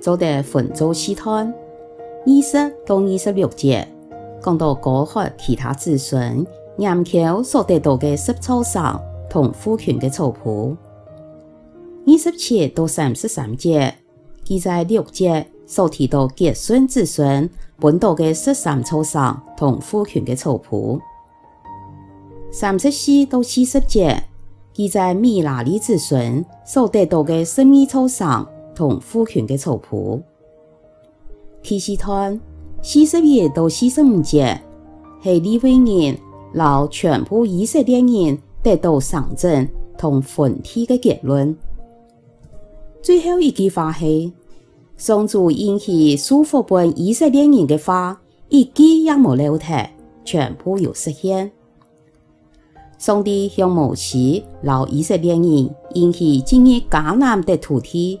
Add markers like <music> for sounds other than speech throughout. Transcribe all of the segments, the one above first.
做得分做細攤，二十到二十六節講到古學其他子孫，研橋所得到嘅十初上同夫權嘅初步。二十七到三十三節記載六節所提到結孫子孫，本道嘅十三初上同夫權嘅初步。三十四到四十節記載米拉里子孫，所得到嘅十二初上。同夫權嘅草譜，第四章四十二到四十五節，係利未人留全部以色列人得到上證同墳地嘅結論。最後一句話係：上帝應許賜福俾以色列人嘅話，一句也冇漏掉，全部有實現。上帝向摩西留以色列人應許進入迦南的土地。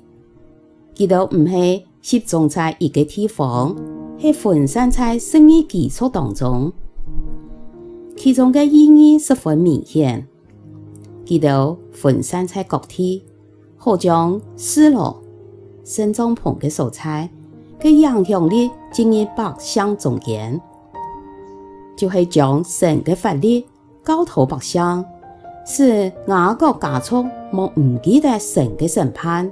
<music> 其道唔係集中在一個地方，係分散在十二支派當中。其中嘅意義十分明顯。其道分散在各地，好將失落、生長胖嘅蔬菜，佢影響力進入百姓中間，就係將神的法律高頭百姓，使阿個家族莫唔記得神的審判。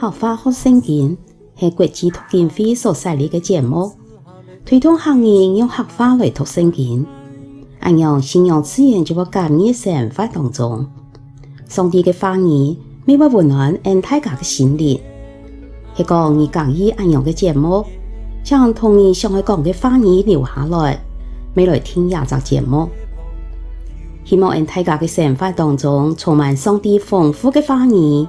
客話學聖經係國際讀經會所設立個節目，推動客人用客話來讀聖經。恁樣信仰自然就會合入生活當中，上帝的話語乜會溫暖俺大家的心靈。係講你合意恁樣個節目，想同你想愛講個話語留下來，每嚟聽廿集節目，希望俺大家的生活當中充滿上帝豐富的話語。